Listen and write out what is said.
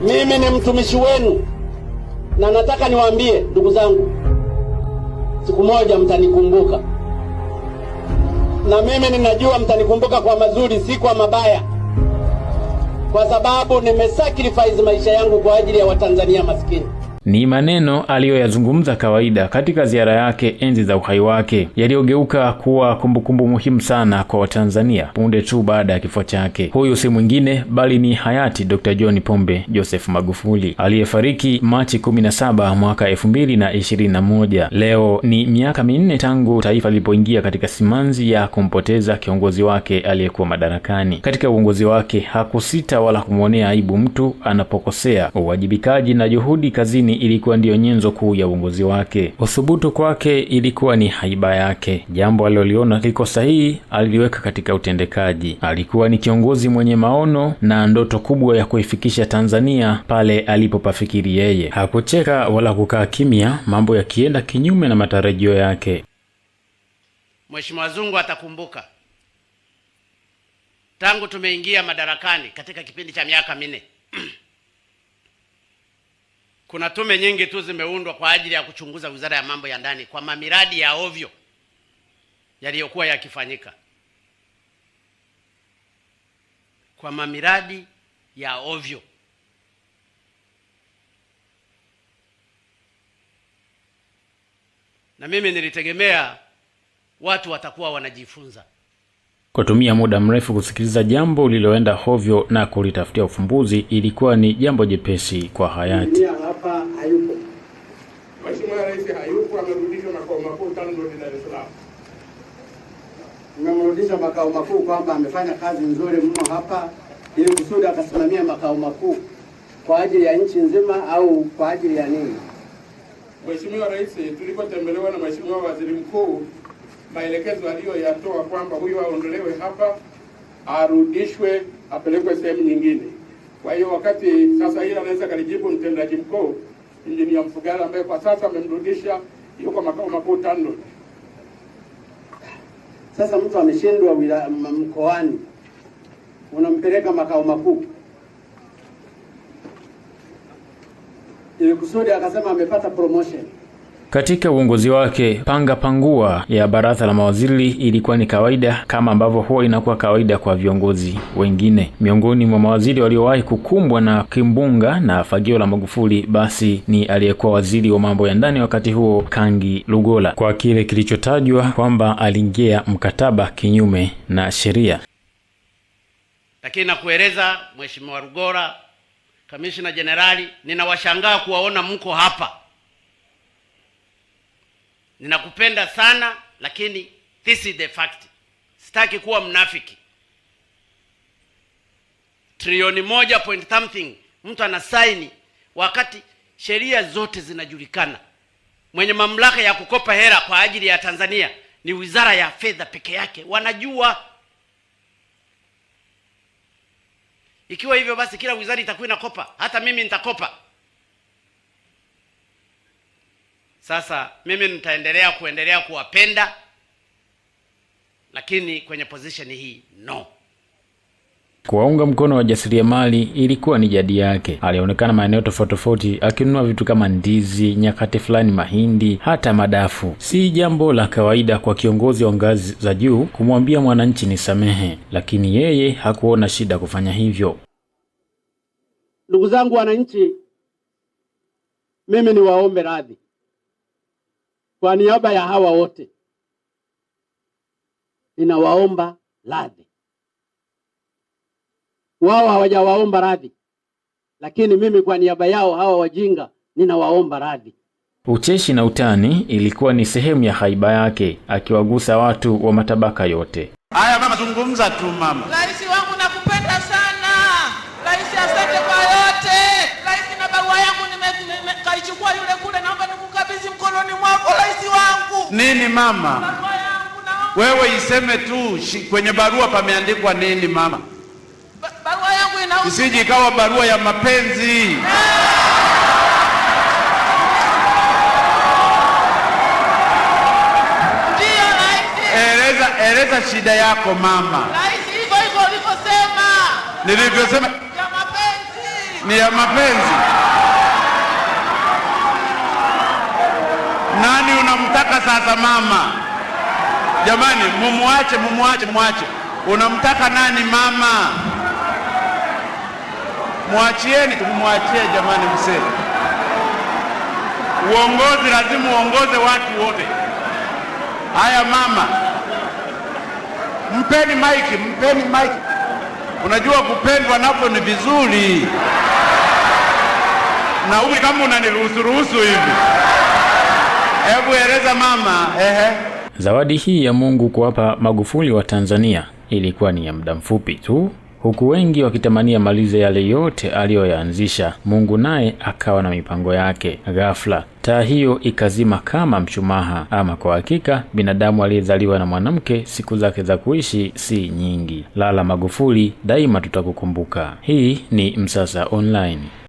Mimi ni mtumishi wenu na nataka niwaambie ndugu zangu, siku moja mtanikumbuka, na mimi ninajua mtanikumbuka kwa mazuri, si kwa mabaya, kwa sababu nimesacrifice maisha yangu kwa ajili ya Watanzania maskini. Ni maneno aliyoyazungumza kawaida katika ziara yake enzi za uhai wake, yaliyogeuka kuwa kumbukumbu kumbu muhimu sana kwa Watanzania punde tu baada ya kifo chake. Huyu si mwingine bali ni hayati Dr. John Pombe Joseph Magufuli aliyefariki Machi 17 mwaka 2021. Leo ni miaka minne tangu taifa lilipoingia katika simanzi ya kumpoteza kiongozi wake aliyekuwa madarakani. Katika uongozi wake hakusita wala kumwonea aibu mtu anapokosea. Uwajibikaji na juhudi kazini ilikuwa ndiyo nyenzo kuu ya uongozi wake. Uthubutu kwake ilikuwa ni haiba yake. Jambo aliloliona liko sahihi aliliweka katika utendekaji. Alikuwa ni kiongozi mwenye maono na ndoto kubwa ya kuifikisha Tanzania pale alipopafikiri yeye. Hakucheka wala kukaa kimya mambo yakienda kinyume na matarajio yake. Mheshimiwa Zungu atakumbuka tangu tumeingia madarakani katika kipindi cha miaka minne kuna tume nyingi tu zimeundwa kwa ajili ya kuchunguza Wizara ya Mambo ya Ndani kwa mamiradi ya ovyo yaliyokuwa yakifanyika, kwa mamiradi ya ovyo. Na mimi nilitegemea watu watakuwa wanajifunza kutumia muda mrefu kusikiliza jambo lililoenda hovyo na kulitafutia ufumbuzi ilikuwa ni jambo jepesi kwa hayati. kurudi Dar es Salaam. makao makuu kwamba amefanya kazi nzuri mno hapa, ili kusudi akasimamia makao makuu kwa ajili ya nchi nzima au kwa ajili ya nini? Mheshimiwa Rais, tulipotembelewa na Mheshimiwa Waziri Mkuu, maelekezo aliyoyatoa kwamba huyu aondolewe hapa, arudishwe, apelekwe sehemu nyingine. Kwa hiyo wakati sasa, hili anaweza kalijibu mtendaji mkuu Injinia Mfugala ambaye kwa sasa amemrudisha yuko makao makuu tano sasa mtu ameshindwa mkoani, unampeleka makao makuu ili kusudi akasema amepata promotion. Katika uongozi wake panga pangua ya baraza la mawaziri ilikuwa ni kawaida kama ambavyo huwa inakuwa kawaida kwa viongozi wengine. Miongoni mwa mawaziri waliowahi kukumbwa na kimbunga na fagio la Magufuli basi ni aliyekuwa waziri wa mambo ya ndani wakati huo Kangi Lugola, kwa kile kilichotajwa kwamba aliingia mkataba kinyume na sheria. Lakini nakueleza Mheshimiwa Lugola, kamishina jenerali, ninawashangaa kuwaona mko hapa ninakupenda sana, lakini this is the fact. Sitaki kuwa mnafiki. Trilioni moja point something mtu anasaini wakati sheria zote zinajulikana. Mwenye mamlaka ya kukopa hela kwa ajili ya Tanzania ni Wizara ya Fedha peke yake, wanajua. Ikiwa hivyo basi, kila wizara itakuwa inakopa, hata mimi nitakopa. Sasa mimi nitaendelea kuendelea kuwapenda, lakini kwenye position hii no. Kuwaunga mkono wajasiriamali ilikuwa ni jadi yake. Alionekana maeneo tofauti tofauti akinunua vitu kama ndizi, nyakati fulani mahindi, hata madafu. Si jambo la kawaida kwa kiongozi wa ngazi za juu kumwambia mwananchi nisamehe, lakini yeye hakuona shida kufanya hivyo. Ndugu zangu wananchi, mimi niwaombe radhi kwa niaba ya hawa wote ninawaomba radhi. Wao hawajawaomba radhi, lakini mimi kwa niaba yao hawa wajinga ninawaomba radhi. Ucheshi na utani ilikuwa ni sehemu ya haiba yake, akiwagusa watu wa matabaka yote. Haya mama, zungumza tu mama. Rais wangu nakupenda sana. Rais, asante. nini mama? Wewe iseme tu kwenye barua pameandikwa nini mama, Ba barua yangu isije ikawa barua ya mapenzi. Eleza, eleza shida yako mama. Nilivyosema ni ya mapenzi. Nani unam Unamtaka sasa mama? Jamani, mumuache, mumuache, mumuache. Unamtaka nani mama? Mwachieni, tumwachie jamani, msee. Uongozi lazima uongoze watu wote. Haya mama, mpeni maiki, mpeni maiki. Unajua kupendwa navyo ni vizuri, na uwi kama unaniruhusu ruhusu hivi Hebu eleza mama. Ehe. Zawadi hii ya Mungu kuwapa Magufuli wa Tanzania ilikuwa ni ya muda mfupi tu, huku wengi wakitamania malize yale yote aliyoyaanzisha. Mungu naye akawa na mipango yake. Ghafla taa hiyo ikazima kama mshumaa. Ama kwa hakika, binadamu aliyezaliwa na mwanamke siku zake za kuishi si nyingi. Lala Magufuli, daima tutakukumbuka. Hii ni Msasa Online.